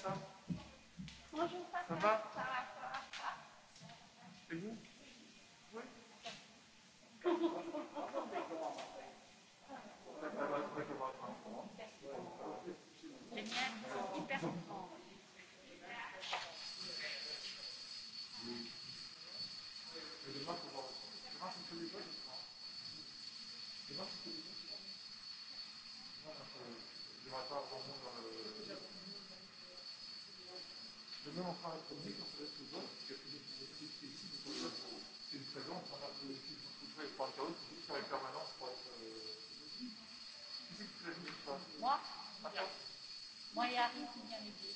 ça Bonjour, papa. Ça va Ça va, ça va, ça va. C'est bon Oui. Les miennes sont hyper grandes. Mais demain, il faut voir. Demain, si tu ne pas, je prends. Demain, si je prends. Demain, je ne pas, je prends. devons enfin être mis dans ce sous-zone, parce qu'il y a plus d'effectifs qui existent, donc c'est une saison, on a plus d'effectifs qui sont pour un carreau, qui faire les permanences pour être. Qui c'est qui l'ajoute ou pas Moi Moi et Harry, qui vient m'aider.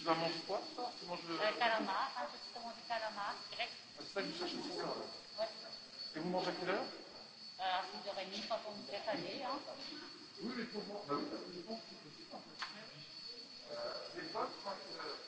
Tu vas manger quoi Tu manges le. Euh, euh, calamar, hein, je te mange calamar, grec. Ah, c'est ça que je cherche aussi, ça. Ouais. Et vous mangez à quelle heure euh, À 6h30 quand on nous laisse aller. Hein. Oui, mais pour moi, bah oui, parce que je pense que c'est possible en fait. Euh, les potes, 5 heures.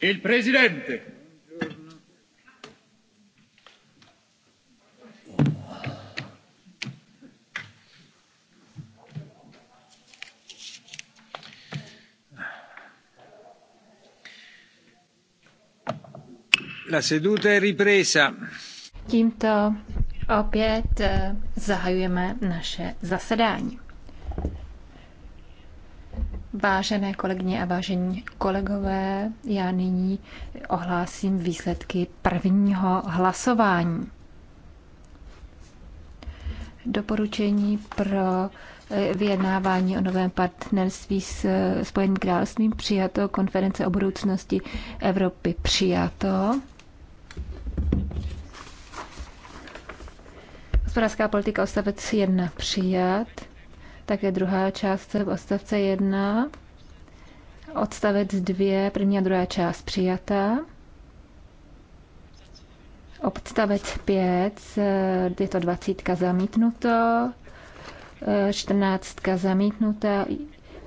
Il presidente. La seduta è ripresa. Tímto opět eh, zahajujeme naše zasedání. Vážené kolegyně a vážení kolegové, já nyní ohlásím výsledky prvního hlasování. Doporučení pro eh, vyjednávání o novém partnerství s eh, Spojeným královstvím přijato, konference o budoucnosti Evropy přijato. Hospodářská politika ostavec 1 přijat. Také druhá část v odstavce 1. Odstavec 2, první a druhá část přijatá. Odstavec 5, je to 20 zamítnuto, 14 zamítnuta,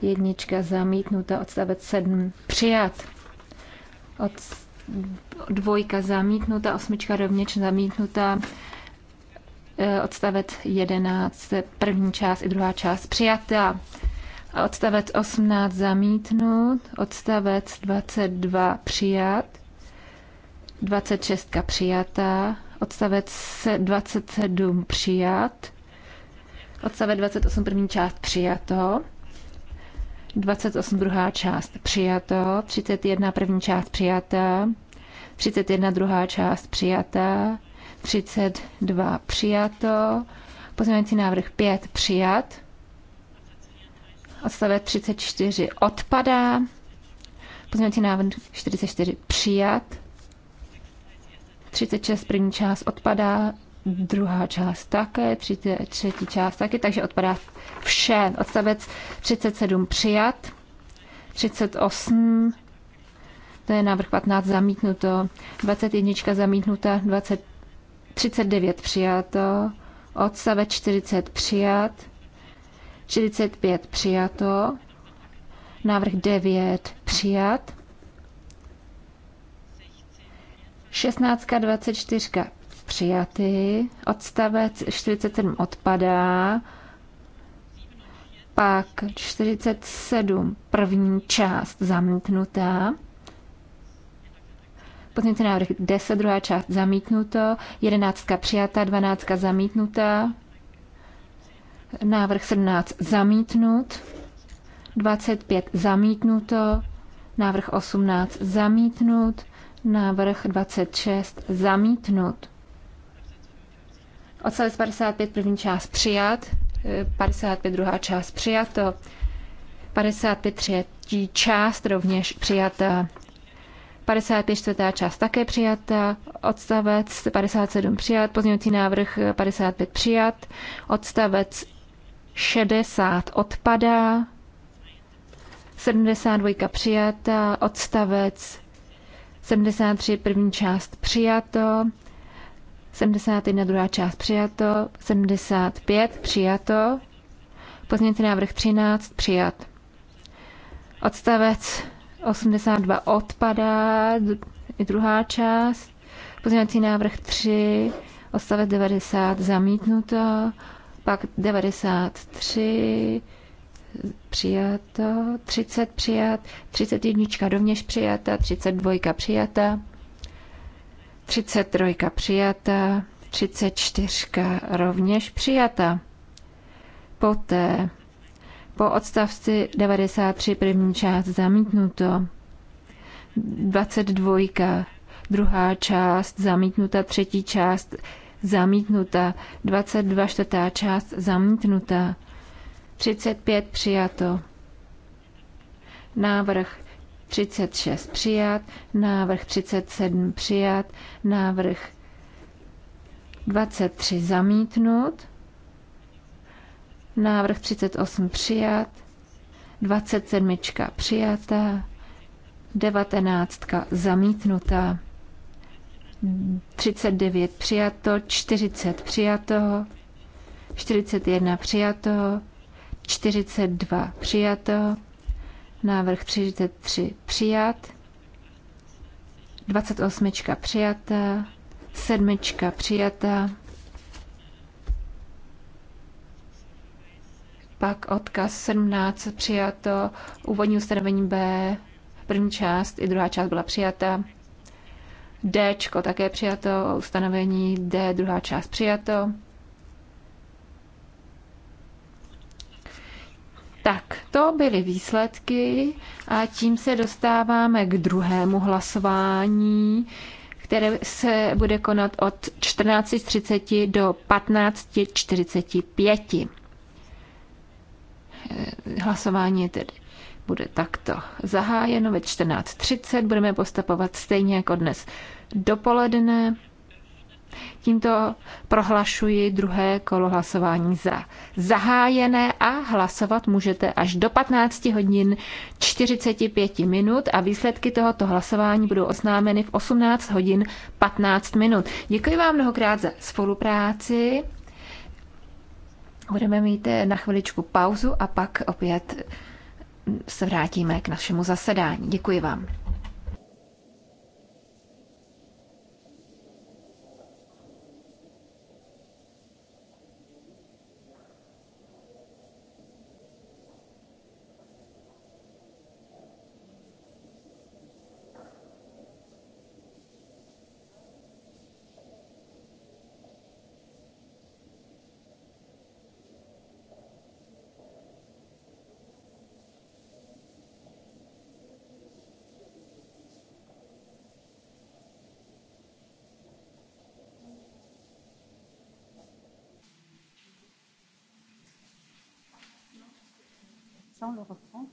jednička zamítnuta, odstavec 7 přijat. Od dvojka zamítnuta, osmička rovněž zamítnuta, Eh, odstavec 11, první část i druhá část přijatá. Odstavec 18 zamítnut, odstavec 22 přijat, 26 přijatá, odstavec 27 přijat, odstavec 28 první část přijato, 28 druhá část přijato, 31 první část přijatá, 31 druhá část přijatá, 32 přijato, pozměňující návrh 5 přijat, odstavec 34 odpadá, pozměňující návrh 44 přijat, 36 první část odpadá, druhá část také, třetí, třetí část taky, takže odpadá vše. Odstavec 37 přijat, 38, to je návrh 15 zamítnuto, 21 zamítnuta, 20 39 přijato, odstavec 40 přijat, 45 přijato, návrh 9 přijat, 16 24 přijaty, odstavec 47 odpadá, pak 47 první část zamítnutá, Pozměňovací návrh 10, druhá část zamítnuto, 11 přijata, 12 zamítnuta, návrh 17 zamítnut, 25 zamítnuto, návrh 18 zamítnut, návrh 26 zamítnut. Odstavec 55 první část přijat, 55 druhá část přijato, 55 třetí část rovněž přijata. 54. část také přijata, odstavec 57 přijat, pozměňovací návrh 55 přijat, odstavec 60 odpadá, 72 přijata, odstavec 73 první část přijato, 71 druhá část přijato, 75 přijato, pozměňovací návrh 13 přijat. Odstavec 82 odpadá, druhá část, pozměňovací návrh 3, odstavec 90 zamítnuto, pak 93 přijato, 30 přijat, 31 rovněž přijata, 32 přijata, 33 přijata, 34 rovněž přijata. Poté po odstavci 93 první část zamítnuto, 22 druhá část zamítnuta, třetí část zamítnuta, 22 čtvrtá část zamítnuta, 35 přijato, návrh 36 přijat, návrh 37 přijat, návrh 23 zamítnut, Návrh 38 přijat. 27 přijatá. 19 zamítnutá. 39 přijato, 40 přijato, 41 přijato, 42 přijato, návrh 33 přijat, 28 přijata, 7 přijata, Pak odkaz 17 přijato, úvodní ustanovení B, první část i druhá část byla přijata. D také přijato, ustanovení D, druhá část přijato. Tak, to byly výsledky a tím se dostáváme k druhému hlasování, které se bude konat od 14.30 do 15.45. Eh, hlasování tedy bude takto zahájeno ve 14.30. Budeme postupovat stejně jako dnes dopoledne. Tímto prohlašuji druhé kolo hlasování za zahájené a hlasovat můžete až do 15 hodin 45 minut a výsledky tohoto hlasování budou oznámeny v 18 hodin 15 minut. Děkuji vám mnohokrát za spolupráci. Budeme mít eh, na chviličku pauzu a pak opět se vrátíme k našemu zasedání. Děkuji vám. sans le reprendre.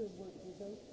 understood what it was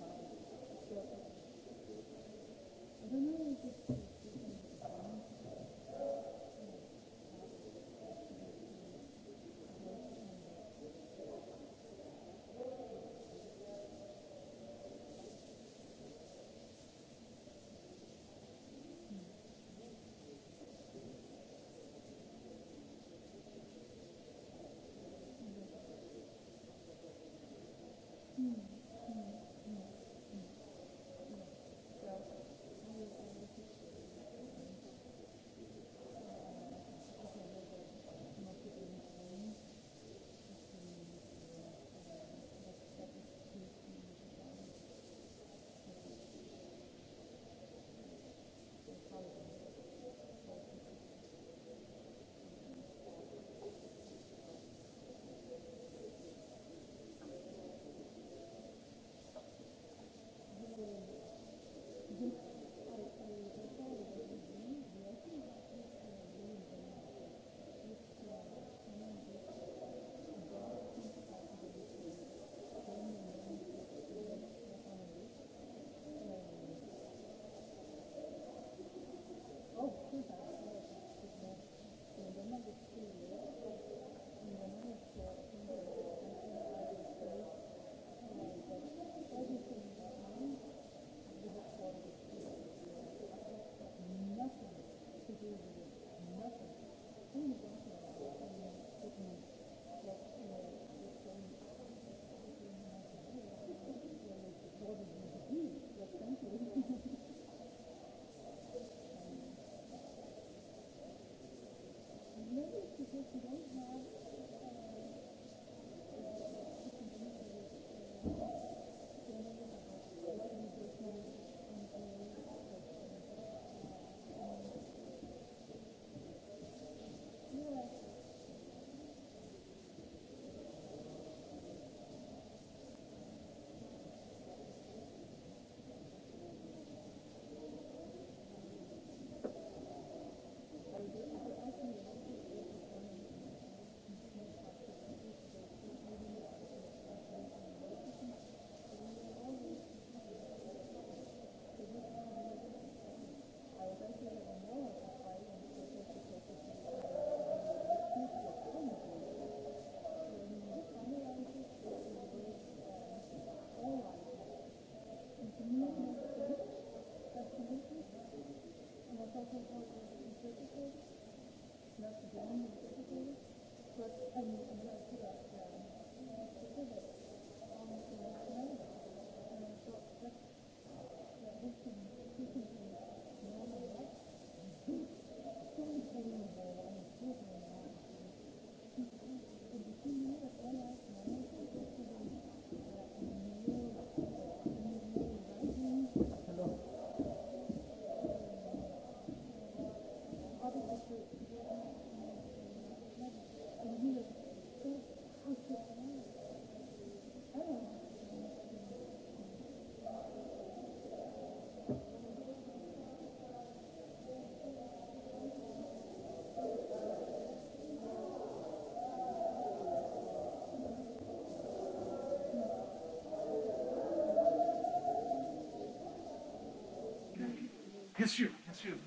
bien sûr, bien sûr.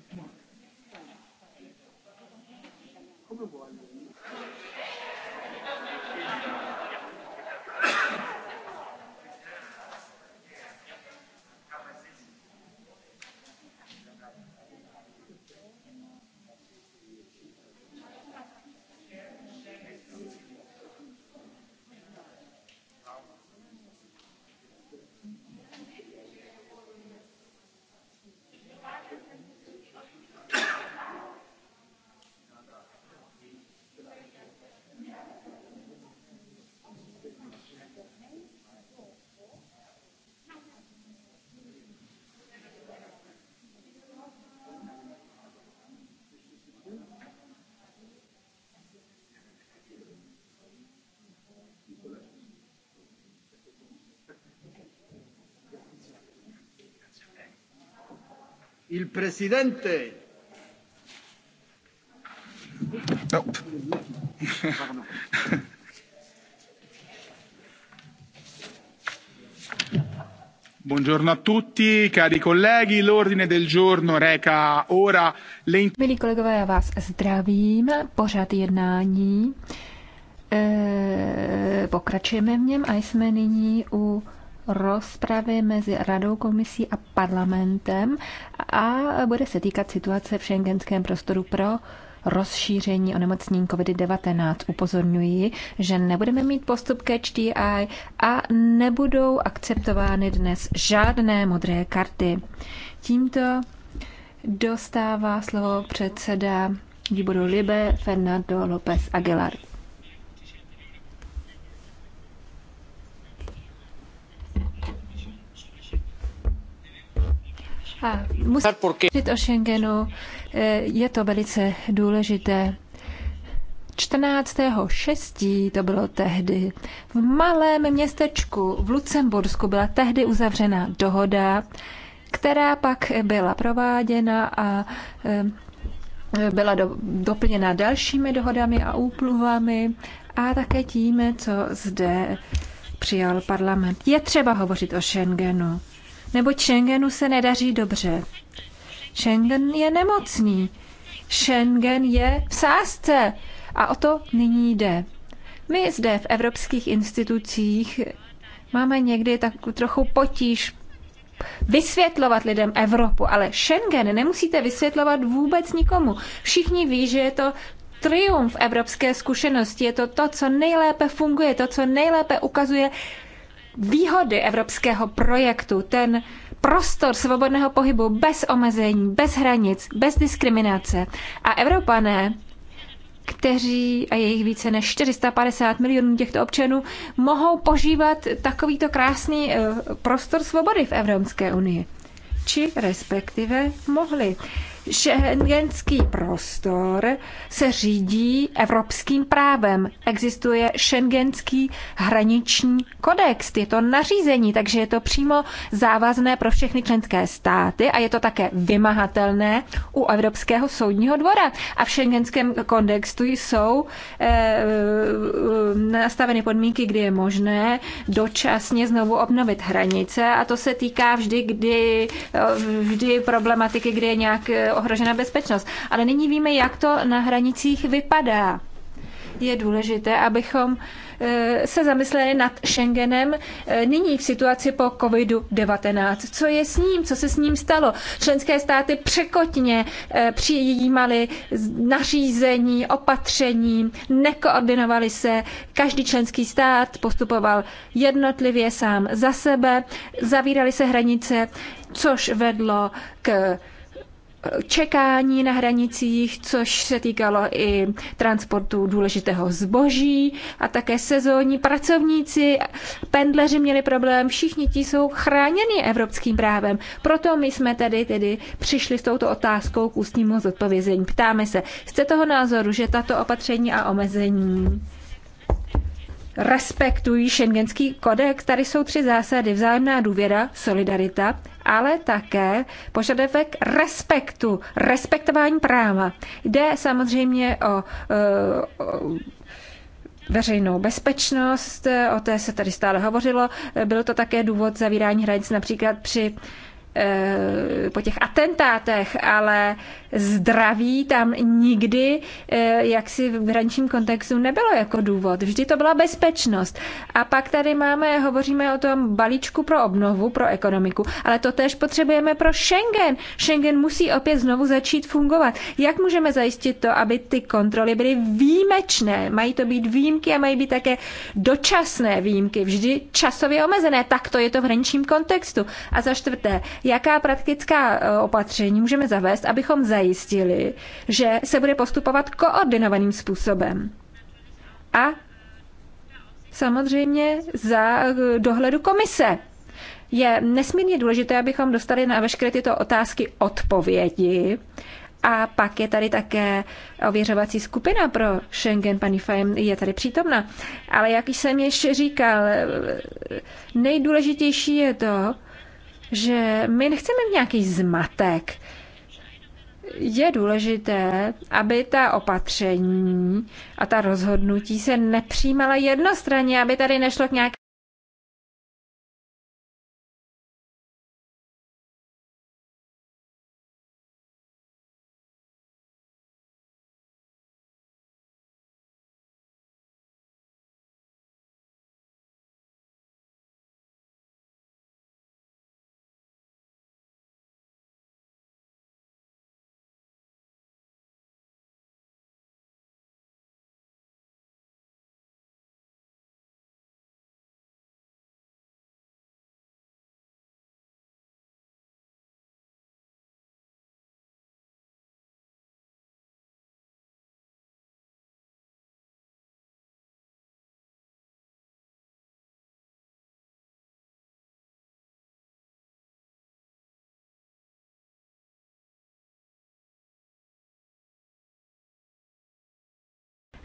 Il presidente. Buongiorno a tutti, cari colleghi. L'ordine del giorno reca ora le... Milí kolegové, já vás zdravím. Pořád jednání. E, pokračujeme v něm a jsme nyní u rozpravy mezi Radou komisí a parlamentem a bude se týkat situace v šengenském prostoru pro rozšíření onemocnění COVID-19. Upozorňuji, že nebudeme mít postup ke HDI a nebudou akceptovány dnes žádné modré karty. Tímto dostává slovo předseda výboru Libe Fernando López Aguilar. A musím o Schengenu, e, je to velice důležité. 14.6. to bylo tehdy. V malém městečku v Lucembursku byla tehdy uzavřena dohoda, která pak byla prováděna a e, byla do, doplněna dalšími dohodami a úpluvami a také tím, co zde přijal parlament. Je třeba hovořit o Schengenu neboť Schengenu se nedaří dobře. Schengen je nemocný. Schengen je v sásce, A o to nyní jde. My zde v evropských institucích máme někdy tak trochu potíž vysvětlovat lidem Evropu, ale Schengen nemusíte vysvětlovat vůbec nikomu. Všichni ví, že je to triumf evropské zkušenosti, je to to, co nejlépe funguje, to, co nejlépe ukazuje výhody evropského projektu, ten prostor svobodného pohybu bez omezení, bez hranic, bez diskriminace. A Evropané, kteří, a je jich více než 450 milionů těchto občanů, mohou požívat takovýto krásný eh, prostor svobody v Evropské unii. Či respektive mohli. Schengenský prostor se řídí evropským právem. Existuje Schengenský hraniční kodex, je to nařízení, takže je to přímo závazné pro všechny členské státy a je to také vymahatelné u Evropského soudního dvora. A v Schengenském kodextu jsou eh, eh, nastaveny podmínky, kdy je možné dočasně znovu obnovit hranice a to se týká vždy, kdy, eh, vždy problematiky, kdy je nějak eh, ohrožena bezpečnost. Ale nyní víme, jak to na hranicích vypadá. Je důležité, abychom eh, se zamysleli nad Schengenem eh, nyní v situaci po COVID-19. Co je s ním? Co se s ním stalo? Členské státy překotně eh, přijímaly nařízení, opatření, nekoordinovali se. Každý členský stát postupoval jednotlivě sám za sebe, zavíraly se hranice, což vedlo k čekání na hranicích, což se týkalo i transportu důležitého zboží a také sezónní pracovníci, pendleři měli problém, všichni ti jsou chráněni evropským právem. Proto my jsme tedy, tedy přišli s touto otázkou k ústnímu zodpovězení. Ptáme se, jste toho názoru, že tato opatření a omezení respektují šengenský kodex. Tady jsou tři zásady. Vzájemná důvěra, solidarita, ale také požadavek respektu, respektování práva. Jde samozřejmě o, o veřejnou bezpečnost, o té se tady stále hovořilo. Bylo to také důvod zavírání hranic například při Eh, po těch atentátech, ale zdraví tam nikdy eh, jak si v hraničním kontextu nebylo jako důvod. Vždy to byla bezpečnost. A pak tady máme, hovoříme o tom balíčku pro obnovu, pro ekonomiku, ale to tež potřebujeme pro Schengen. Schengen musí opět znovu začít fungovat. Jak můžeme zajistit to, aby ty kontroly byly výjimečné? Mají to být výjimky a mají být také dočasné výjimky, vždy časově omezené. Tak to je to v hraničním kontextu. A za čtvrté, jaká praktická e, opatření můžeme zavést, abychom zajistili, že se bude postupovat koordinovaným způsobem. A samozřejmě za e, dohledu komise. Je nesmírně důležité, abychom dostali na veškeré tyto otázky odpovědi. A pak je tady také ověřovací skupina pro Schengen, paní Fajem je tady přítomna. Ale jak jsem již říkal, e, nejdůležitější je to, že my nechceme nějaký zmatek. Je důležité, aby ta opatření a ta rozhodnutí se nepřijímala jednostranně, aby tady nešlo k nějaké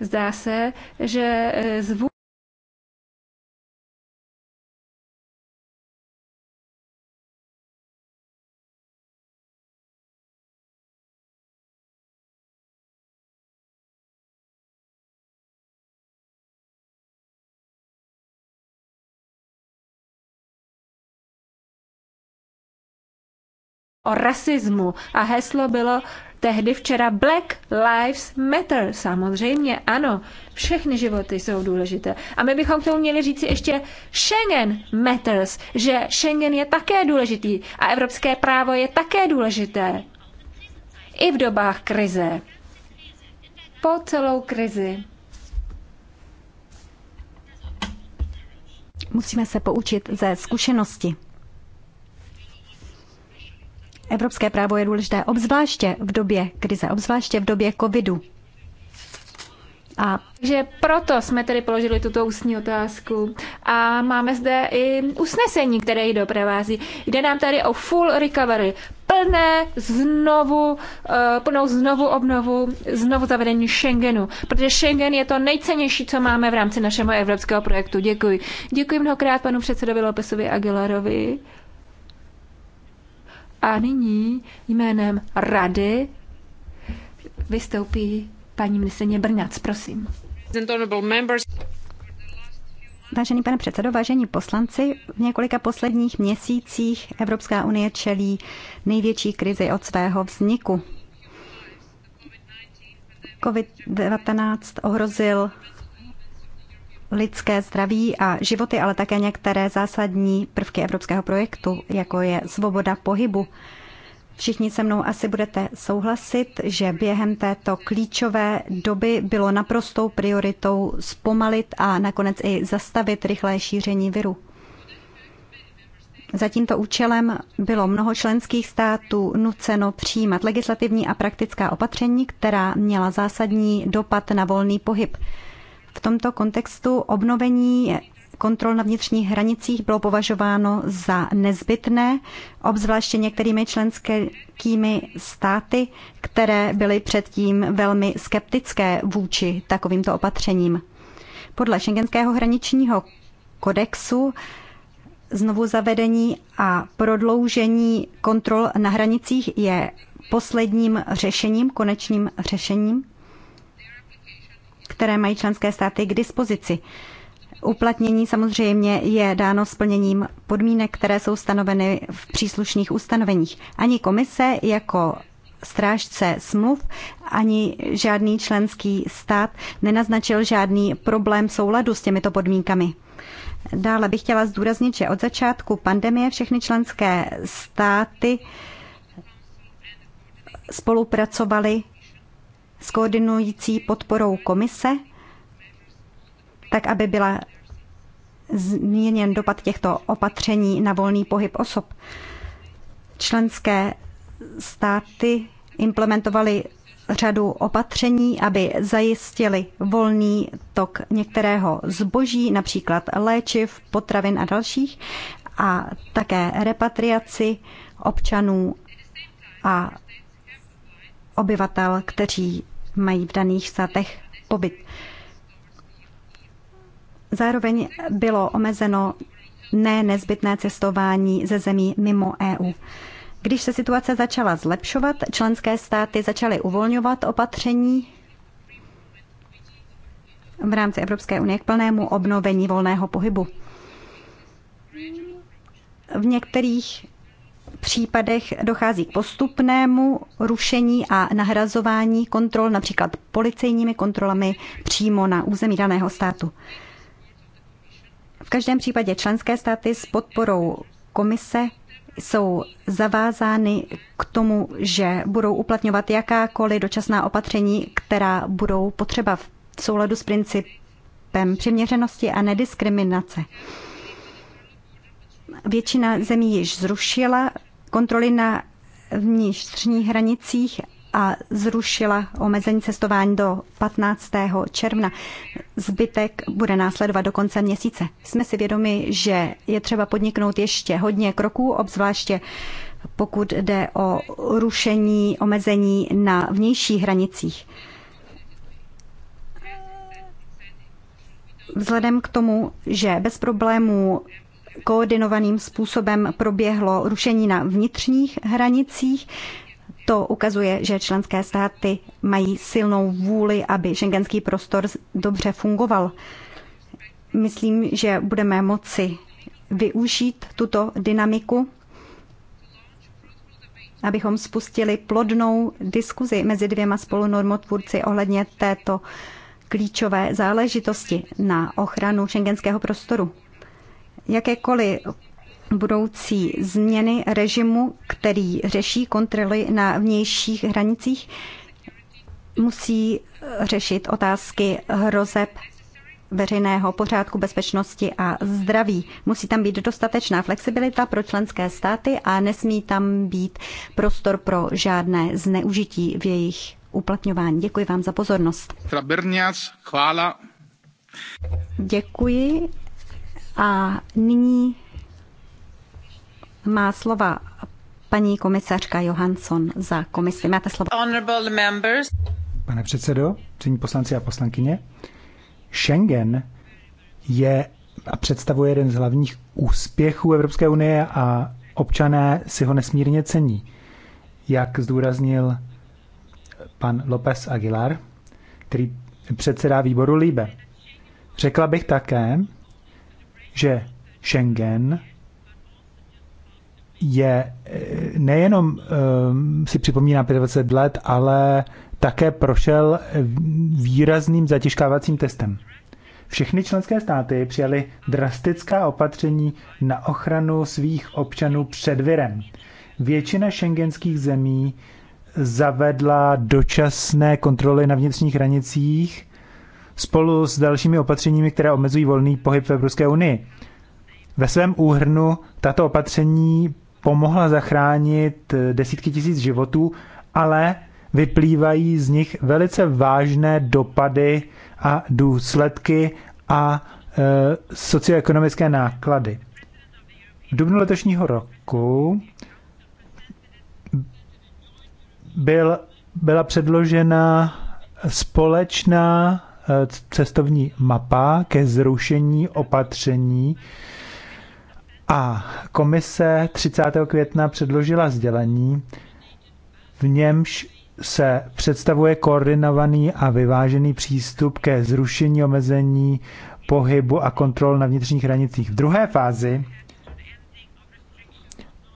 Zdá se, že e, zvuk o rasismu a heslo bylo tehdy včera Black Lives Matter. Samozřejmě, ano, všechny životy jsou důležité. A my bychom k tomu měli říci ještě Schengen Matters, že Schengen je také důležitý a evropské právo je také důležité. I v dobách krize. Po celou krizi. Musíme se poučit ze zkušenosti. Evropské právo je důležité obzvláště v době krize, obzvláště v době covidu. A že proto jsme tedy položili tuto ústní otázku. A máme zde i usnesení, které ji doprovází. Jde nám tady o full recovery, plné znovu, eh, plnou znovu obnovu, znovu zavedení Schengenu. Protože Schengen je to nejcennější, co máme v rámci našeho evropského projektu. Děkuji. Děkuji mnohokrát panu předsedovi Lopesovi Aguilarovi a nyní jménem Rady vystoupí paní ministrině Brňac, prosím. Vážený pane předsedo, vážení poslanci, v několika posledních měsících Evropská unie čelí největší krizi od svého vzniku. COVID-19 ohrozil lidské zdraví a životy, ale také některé zásadní prvky evropského projektu, jako je svoboda pohybu. Všichni se mnou asi budete souhlasit, že během této klíčové doby bylo naprostou prioritou zpomalit a nakonec i zastavit rychlé šíření viru. Za tímto účelem bylo mnoho členských států nuceno přijímat legislativní a praktická opatření, která měla zásadní dopad na volný pohyb. V tomto kontextu obnovení kontrol na vnitřních hranicích bylo považováno za nezbytné, obzvláště některými členskými státy, které byly předtím velmi skeptické vůči takovýmto opatřením. Podle Schengenského hraničního kodexu znovu zavedení a prodloužení kontrol na hranicích je posledním řešením, konečným řešením které mají členské státy k dispozici. Uplatnění samozřejmě je dáno splněním podmínek, které jsou stanoveny v příslušných ustanoveních. Ani komise jako strážce smluv ani žádný členský stát nenaznačil žádný problém souladu s těmito podmínkami. Dále bych chtěla zdůraznit, že od začátku pandemie všechny členské státy spolupracovaly s koordinující podporou komise, tak aby byla změněn dopad těchto opatření na volný pohyb osob. Členské státy implementovaly řadu opatření, aby zajistili volný tok některého zboží, například léčiv, potravin a dalších, a také repatriaci občanů a obyvatel, kteří mají v daných státech pobyt. Zároveň bylo omezeno ne nezbytné cestování ze zemí mimo EU. Když se situace začala zlepšovat, členské státy začaly uvolňovat opatření v rámci Evropské unie k plnému obnovení volného pohybu. V některých případech dochází k postupnému rušení a nahrazování kontrol, například policejními kontrolami přímo na území daného státu. V každém případě členské státy s podporou komise jsou zavázány k tomu, že budou uplatňovat jakákoliv dočasná opatření, která budou potřeba v souladu s principem přiměřenosti a nediskriminace. Většina zemí již zrušila kontroly na vnitřních hranicích a zrušila omezení cestování do 15. června. Zbytek bude následovat do konce měsíce. Jsme si vědomi, že je třeba podniknout ještě hodně kroků, obzvláště pokud jde o rušení omezení na vnějších hranicích. Vzhledem k tomu, že bez problémů koordinovaným způsobem proběhlo rušení na vnitřních hranicích. To ukazuje, že členské státy mají silnou vůli, aby šengenský prostor dobře fungoval. Myslím, že budeme moci využít tuto dynamiku, abychom spustili plodnou diskuzi mezi dvěma spolunormotvůrci ohledně této klíčové záležitosti na ochranu šengenského prostoru jakékoliv budoucí změny režimu, který řeší kontroly na vnějších hranicích, musí řešit otázky hrozeb veřejného pořádku, bezpečnosti a zdraví. Musí tam být dostatečná flexibilita pro členské státy a nesmí tam být prostor pro žádné zneužití v jejich uplatňování. Děkuji vám za pozornost. Děkuji a nyní má slova paní komisařka Johansson za komisi. Máte slovo. Pane předsedo, cení poslanci a poslankyně, Schengen je a představuje jeden z hlavních úspěchů Evropské unie a občané si ho nesmírně cení. Jak zdůraznil pan López Aguilar, který předsedá výboru Líbe. Řekla bych také, že Schengen je eh, nejenom eh, si připomíná 25 let, ale také prošel výrazným zatěžkávacím testem. Všechny členské státy přijaly drastická opatření na ochranu svých občanů před virem. Většina šengenských zemí zavedla dočasné kontroly na vnitřních hranicích spolu s dalšími opatřeními, které omezují volný pohyb v Evropské unii. Ve svém úhrnu tato opatření pomohla zachránit eh, desítky tisíc životů, ale vyplývají z nich velice vážné dopady a důsledky a e, socioekonomické náklady. V dubnu letošního roku byl, byla předložena společná cestovní mapa ke zrušení opatření a komise 30. května předložila sdělení, v němž se představuje koordinovaný a vyvážený přístup ke zrušení omezení pohybu a kontrol na vnitřních hranicích. V druhé fázi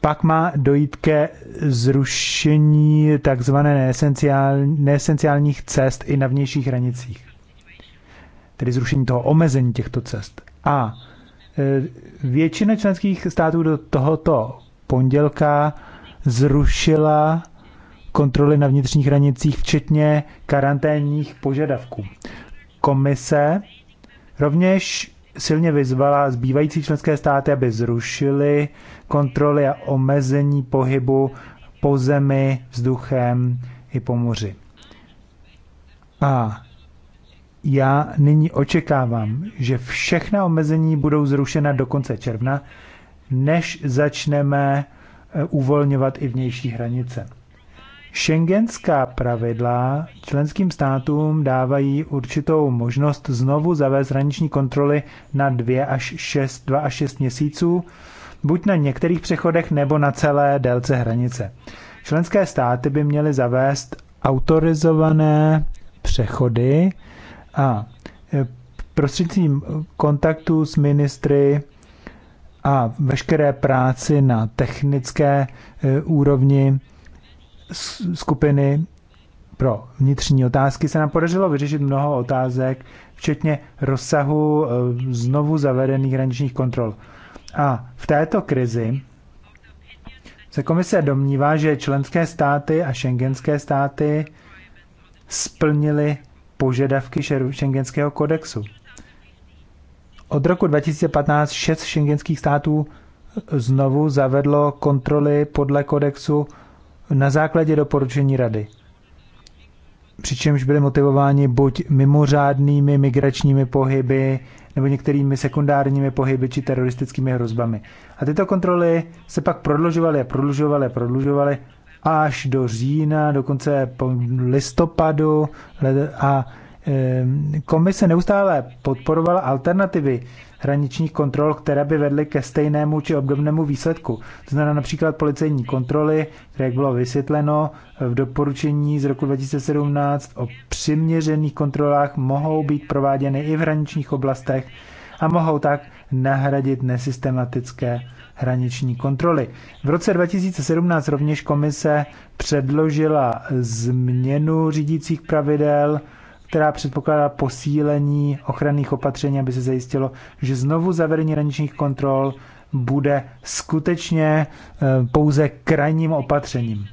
pak má dojít ke zrušení takzvané neesenciál, neesenciálních cest i na vnějších hranicích tedy zrušení toho omezení těchto cest. A e, většina členských států do tohoto pondělka zrušila kontroly na vnitřních hranicích, včetně karanténních požadavků. Komise rovněž silně vyzvala zbývající členské státy, aby zrušili kontroly a omezení pohybu po zemi, vzduchem i po moři. A já nyní očekávám, že všechna omezení budou zrušena do konce června, než začneme eh, uvolňovat i vnější hranice. Schengenská pravidla členským státům dávají určitou možnost znovu zavést hraniční kontroly na 2 až 6, 2 až 6 měsíců, buď na některých přechodech nebo na celé délce hranice. Členské státy by měly zavést autorizované přechody a e, prostřednictvím kontaktu s ministry a veškeré práci na technické e, úrovni skupiny pro vnitřní otázky se nám podařilo vyřešit mnoho otázek, včetně rozsahu e, znovu zavedených hraničních kontrol. A v této krizi se komise domnívá, že členské státy a šengenské státy splnili požadavky šengenského kodexu. Od roku 2015 šest šengenských států znovu zavedlo kontroly podle kodexu na základě doporučení rady. Přičemž byly motivováni buď mimořádnými migračními pohyby, nebo některými sekundárními pohyby či teroristickými hrozbami. A tyto kontroly se pak prodlužovaly a prodlužovaly a prodlužovaly až do října, dokonce po listopadu a komise neustále podporovala alternativy hraničních kontrol, které by vedly ke stejnému či obdobnému výsledku. To znamená například policejní kontroly, které jak bylo vysvětleno v doporučení z roku 2017 o přiměřených kontrolách, mohou být prováděny i v hraničních oblastech a mohou tak nahradit nesystematické hraniční kontroly. V roce 2017 rovněž komise předložila změnu řídících pravidel, která předpokládá posílení ochranných opatření, aby se zajistilo, že znovu zavedení hraničních kontrol bude skutečně eh, pouze krajním opatřením.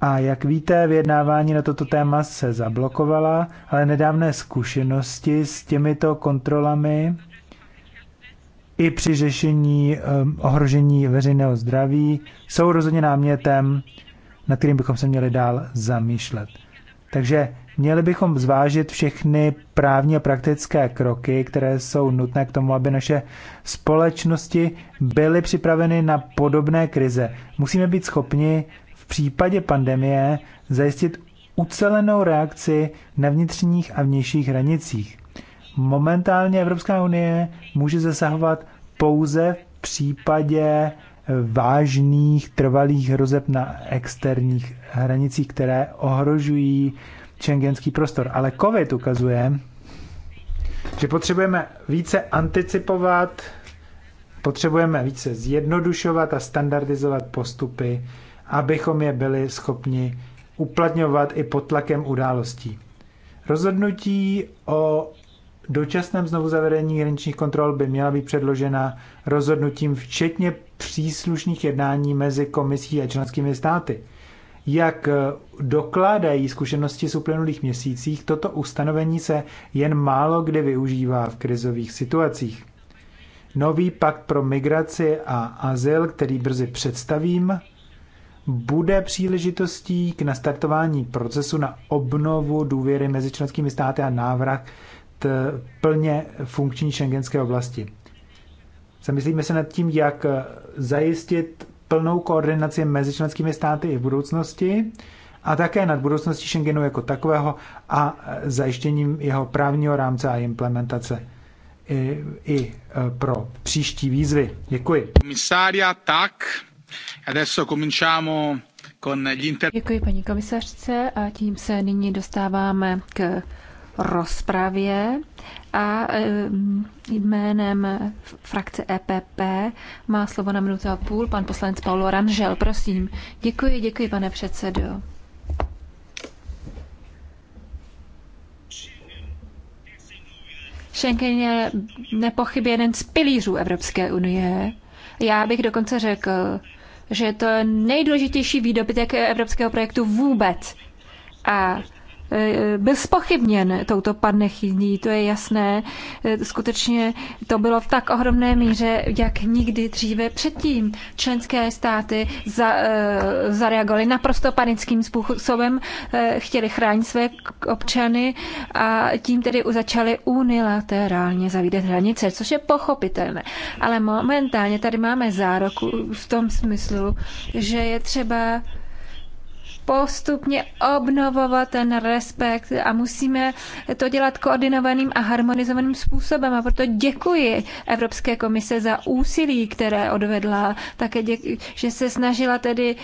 A jak víte, vyjednávání na toto téma se zablokovala, ale nedávné zkušenosti s těmito kontrolami i při řešení ehm, ohrožení veřejného zdraví jsou rozhodně námětem, na kterým bychom se měli dál zamýšlet. Takže měli bychom zvážit všechny právně praktické kroky, které jsou nutné k tomu, aby naše společnosti byly připraveny na podobné krize. Musíme být schopni v případě pandemie zajistit ucelenou reakci na vnitřních a vnějších hranicích momentálně Evropská unie může zasahovat pouze v případě vážných trvalých hrozeb na externích hranicích, které ohrožují čengenský prostor. Ale COVID ukazuje, že potřebujeme více anticipovat, potřebujeme více zjednodušovat a standardizovat postupy, abychom je byli schopni uplatňovat i pod tlakem událostí. Rozhodnutí o dočasném znovuzavedení hraničních kontrol by měla být předložena rozhodnutím včetně příslušných jednání mezi komisí a členskými státy. Jak eh, dokládají zkušenosti z uplynulých měsících, toto ustanovení se jen málo kdy využívá v krizových situacích. Nový pakt pro migraci a azyl, který brzy představím, bude příležitostí k nastartování procesu na obnovu důvěry mezi členskými státy a návrh Eh, plně funkční šengenské oblasti. Zamyslíme se nad tím, jak eh, zajistit plnou koordinaci mezi členskými státy i v budoucnosti a také nad budoucností Schengenu jako takového a eh, zajištěním jeho právního rámce a implementace i, i pro příští výzvy. Děkuji. Komisária, tak. Adesso cominciamo con gli inter... Děkuji paní komisařce a tím se nyní dostáváme k rozpravě a eh, jménem frakce EPP má slovo na minutu a půl pan poslanec Paulo Ranžel. Prosím. Děkuji, děkuji, pane předsedo. Schengen je nepochybně jeden z pilířů Evropské unie. Já bych dokonce řekl, že to je nejdůležitější výdobytek evropského projektu vůbec. A Eh, byl spochybněn touto panechidní, to je jasné. Eh, skutečně to bylo v tak ohromné míře, jak nikdy dříve předtím. Členské státy za, eh, zareagovaly naprosto panickým způsobem, chtěli chránit své občany a tím tedy začaly unilaterálně zavídat hranice, což je pochopitelné. Ale momentálně tady máme záruku v tom smyslu, že je třeba postupně obnovovat ten respekt a musíme to dělat koordinovaným a harmonizovaným způsobem. A proto děkuji Evropské komise za úsilí, které odvedla, také děkuji, že se snažila tedy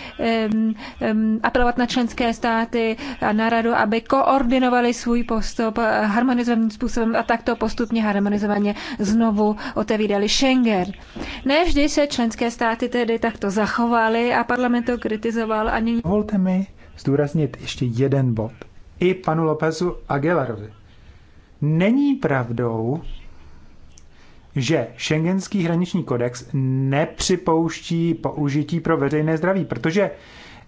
um, um, apelovat na členské státy a na radu, aby koordinovali svůj postup harmonizovaným způsobem a takto postupně harmonizovaně znovu otevírali Schengen. Ne vždy se členské státy tedy takto zachovaly a parlament to kritizoval a nyní... mi, zdůraznit ještě jeden bod. I panu Lopezu Aguilarovi. Není pravdou, že šengenský hraniční kodex nepřipouští použití pro veřejné zdraví, protože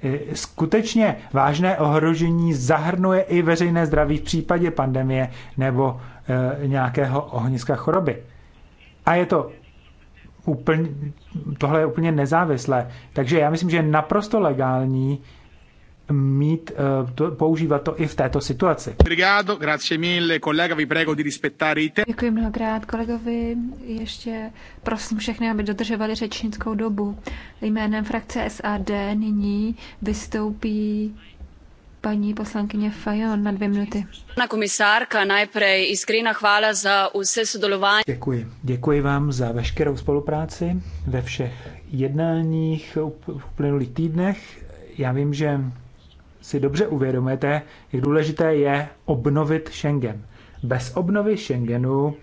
e, skutečně vážné ohrožení zahrnuje i veřejné zdraví v případě pandemie nebo e, nějakého ohniska choroby. A je to úplně, tohle je úplně nezávislé. Takže já myslím, že je naprosto legální mít, uh, používat to i v této situaci. Děkuji mnohokrát kolegovi. Ještě prosím všechny, aby dodržovali řečnickou dobu. Jménem frakce SAD nyní vystoupí paní poslankyně Fajon na dvě minuty. Pana komisárka, najprej iskrena chvála za vše sodelování. Děkuji. Děkuji vám za veškerou spolupráci ve všech jednáních v uplynulých týdnech. Já vím, že si dobře uvědomujete, jak důležité je obnovit Schengen. Bez obnovy Schengenu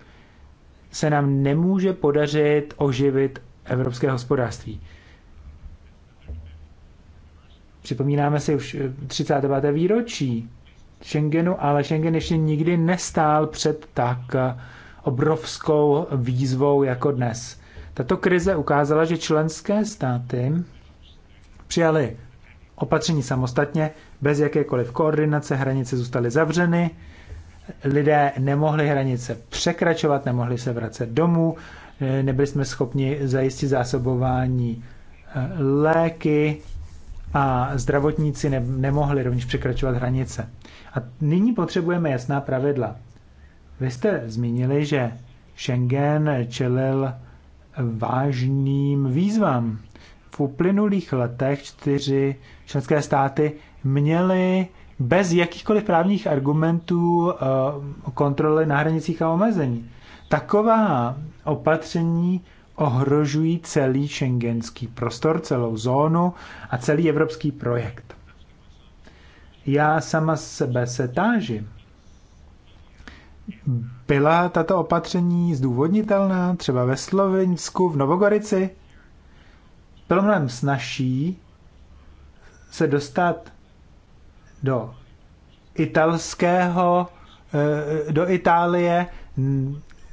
se nám nemůže podařit oživit evropské hospodářství. Připomínáme si už 39. Eh, výročí Schengenu, ale Schengen ještě nikdy nestál před tak eh, obrovskou výzvou jako dnes. Tato krize ukázala, že členské státy přijaly opatření samostatně, bez jakékoliv koordinace, hranice zůstaly zavřeny, lidé nemohli hranice překračovat, nemohli se vracet domů, eh, nebyli jsme schopni zajistit zásobování eh, léky a zdravotníci ne, nemohli rovněž překračovat hranice. A nyní potřebujeme jasná pravidla. Vy jste zmínili, že Schengen čelil vážným výzvám v uplynulých letech čtyři členské státy měly bez jakýchkoliv právních argumentů eh, kontroly na hranicích a omezení. Taková opatření ohrožují celý šengenský prostor, celou zónu a celý evropský projekt. Já sama sebe se táži. Byla tato opatření zdůvodnitelná třeba ve Slovensku, v Novogorici? bylo mnohem snažší se dostat do italského, eh, do Itálie,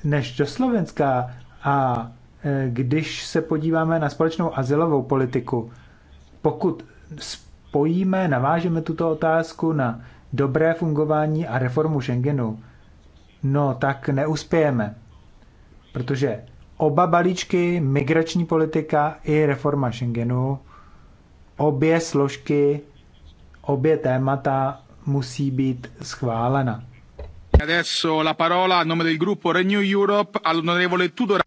než do Slovenska. A eh, když se podíváme na společnou azylovou politiku, pokud spojíme, navážeme tuto otázku na dobré fungování a reformu Schengenu, no tak neuspějeme. Protože oba balíčky, migrační politika i reforma Schengenu, obě složky, obě témata musí být schválena.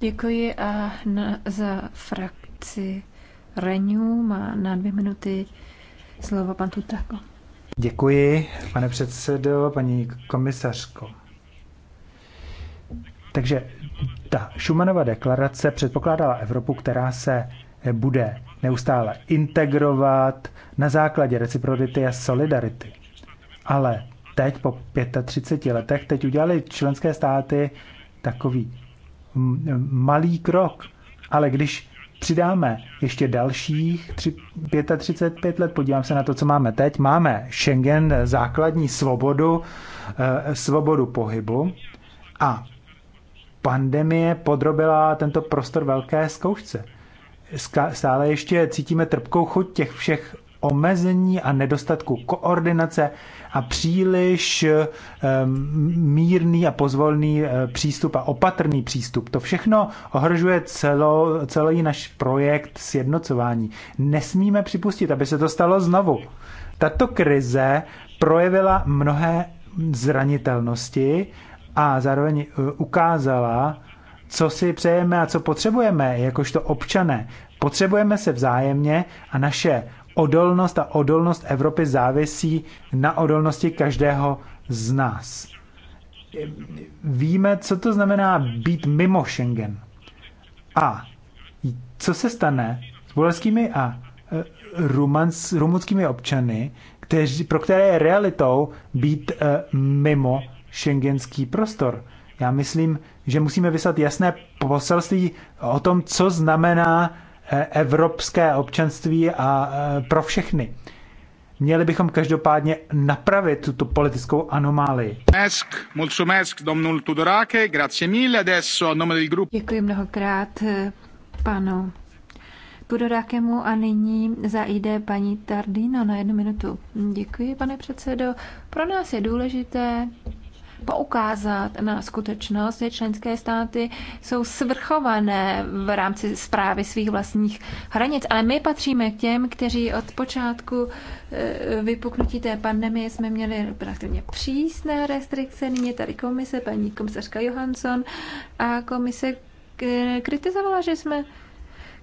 Děkuji a na, za frakci Renew má na dvě minuty slovo pan Tutako. Děkuji, pane předsedo, paní komisařko. Takže ta Schumanova deklarace předpokládala Evropu, která se bude neustále integrovat na základě reciprocity a solidarity. Ale teď, po 35 letech, teď udělali členské státy takový mm, mm, malý krok. Ale když přidáme ještě dalších 35 let, podívám se na to, co máme teď, máme Schengen, základní svobodu, eh, svobodu pohybu a pandemie podrobila tento prostor velké zkoušce. Stále ještě cítíme trpkou chuť těch všech omezení a nedostatku koordinace a příliš eh, mírný a pozvolný eh, přístup a opatrný přístup. To všechno ohrožuje celo, celý náš projekt sjednocování. Nesmíme připustit, aby se to stalo znovu. Tato krize projevila mnohé zranitelnosti a zároveň eh, ukázala, co si přejeme a co potřebujeme, jakožto občané. Potřebujeme se vzájemně a naše odolnost a odolnost Evropy závisí na odolnosti každého z nás. Víme, co to znamená být mimo Schengen. A co se stane s bulharskými a eh, rumunskými občany, kteří, pro které je realitou být eh, mimo šengenský prostor. Já myslím, že musíme vyslat jasné poselství o tom, co znamená eh, evropské občanství a eh, pro všechny. Měli bychom každopádně napravit tuto politickou anomálii. Děkuji mnohokrát eh, panu Tudorákemu a nyní zajde paní Tardino na jednu minutu. Děkuji, pane předsedo. Pro nás je důležité poukázat na skutečnost, že členské státy jsou svrchované v rámci zprávy svých vlastních hranic, ale my patříme k těm, kteří od počátku e, vypuknutí té pandemie jsme měli relativně přísné restrikce. Nyní je tady komise, paní komisařka Johansson a komise e, kritizovala, že jsme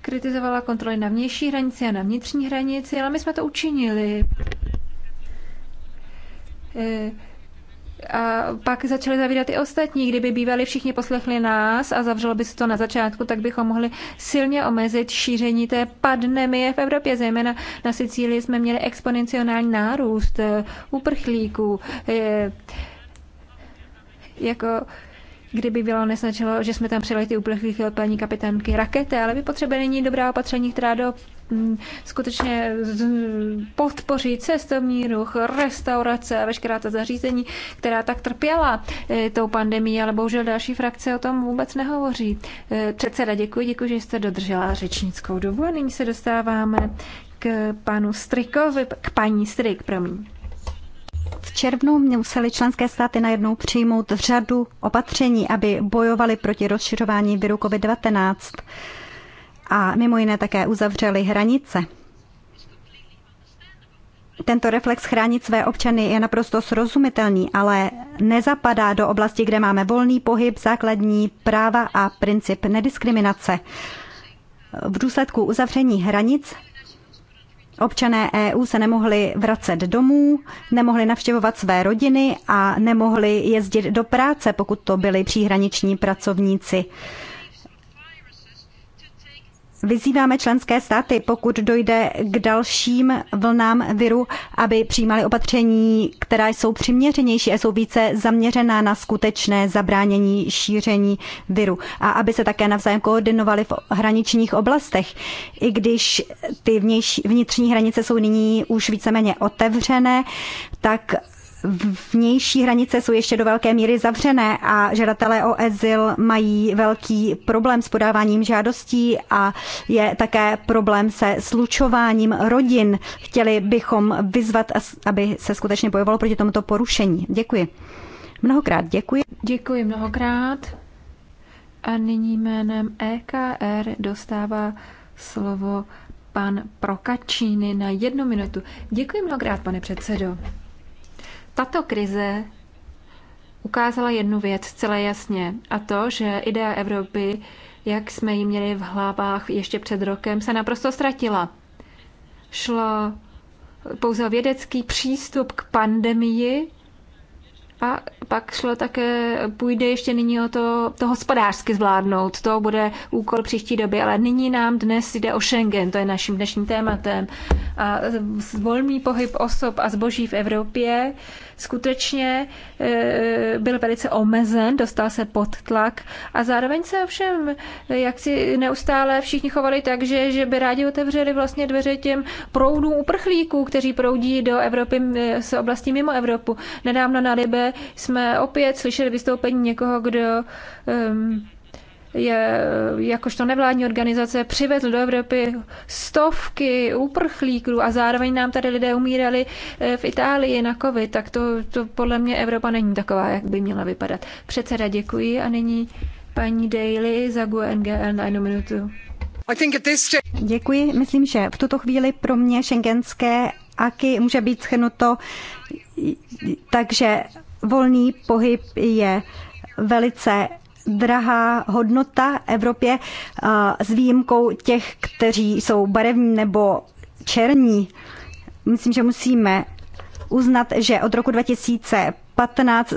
kritizovala kontroly na vnější hranici a na vnitřní hranici, ale my jsme to učinili. E, a pak začali zavírat i ostatní. Kdyby bývali všichni poslechli nás a zavřelo by se to na začátku, tak bychom mohli silně omezit šíření té pandemie v Evropě. Zejména na Sicílii jsme měli exponenciální nárůst eh, uprchlíků. Jako kdyby bylo nesnačilo, že jsme tam přijeli ty uprchlíky od paní kapitánky rakety, ale by potřebovali není dobrá opatření, která do Mm, skutečně podpoří cestovní ruch, restaurace a veškerá ta zařízení, která tak trpěla e, tou pandemí, ale bohužel další frakce o tom vůbec nehovoří. E, předseda, děkuji, děkuji, že jste dodržela řečnickou dobu a nyní se dostáváme k panu Strikovi, k paní Strik, promiň. V červnu museli členské státy najednou přijmout řadu opatření, aby bojovali proti rozšiřování viru COVID-19 a mimo jiné také uzavřeli hranice. Tento reflex chránit své občany je naprosto srozumitelný, ale nezapadá do oblasti, kde máme volný pohyb, základní práva a princip nediskriminace. V důsledku uzavření hranic občané EU se nemohli vracet domů, nemohli navštěvovat své rodiny a nemohli jezdit do práce, pokud to byli příhraniční pracovníci. Vyzýváme členské státy, pokud dojde k dalším vlnám viru, aby přijímali opatření, která jsou přiměřenější a jsou více zaměřená na skutečné zabránění šíření viru a aby se také navzájem koordinovali v hraničních oblastech. I když ty vnější, vnitřní hranice jsou nyní už víceméně otevřené, tak vnější hranice jsou ještě do velké míry zavřené a žadatelé o azyl mají velký problém s podáváním žádostí a je také problém se slučováním rodin. Chtěli bychom vyzvat, aby se skutečně bojovalo proti tomuto porušení. Děkuji. Mnohokrát děkuji. Děkuji mnohokrát. A nyní jménem EKR dostává slovo pan Prokačíny na jednu minutu. Děkuji mnohokrát, pane předsedo. Tato krize ukázala jednu věc celé jasně, a to, že idea Evropy, jak jsme ji měli v hlavách ještě před rokem, se naprosto ztratila. Šlo pouze o vědecký přístup k pandemii, a pak šlo také, půjde ještě nyní o to, to hospodářsky zvládnout. To bude úkol příští doby, ale nyní nám dnes jde o Schengen, to je naším dnešním tématem. A volný pohyb osob a zboží v Evropě skutečně eh, byl velice omezen, dostal se pod tlak a zároveň se ovšem eh, jak si neustále všichni chovali tak, že, že by rádi otevřeli vlastně dveře těm proudům uprchlíků, kteří proudí do Evropy eh, z oblastí mimo Evropu. Nedávno na Libe jsme opět slyšeli vystoupení někoho, kdo um, je, jakožto nevládní organizace přivezl do Evropy stovky uprchlíků a zároveň nám tady lidé umírali eh, v Itálii na covid, tak to, to podle mě Evropa není taková, jak by měla vypadat. Předseda, děkuji a nyní paní Daly za GUNGL na jednu minutu. Děkuji. Myslím, že v tuto chvíli pro mě šengenské aky může být schrnuto, takže volný pohyb je velice drahá hodnota Evropě s výjimkou těch, kteří jsou barevní nebo černí. Myslím, že musíme uznat, že od roku 2015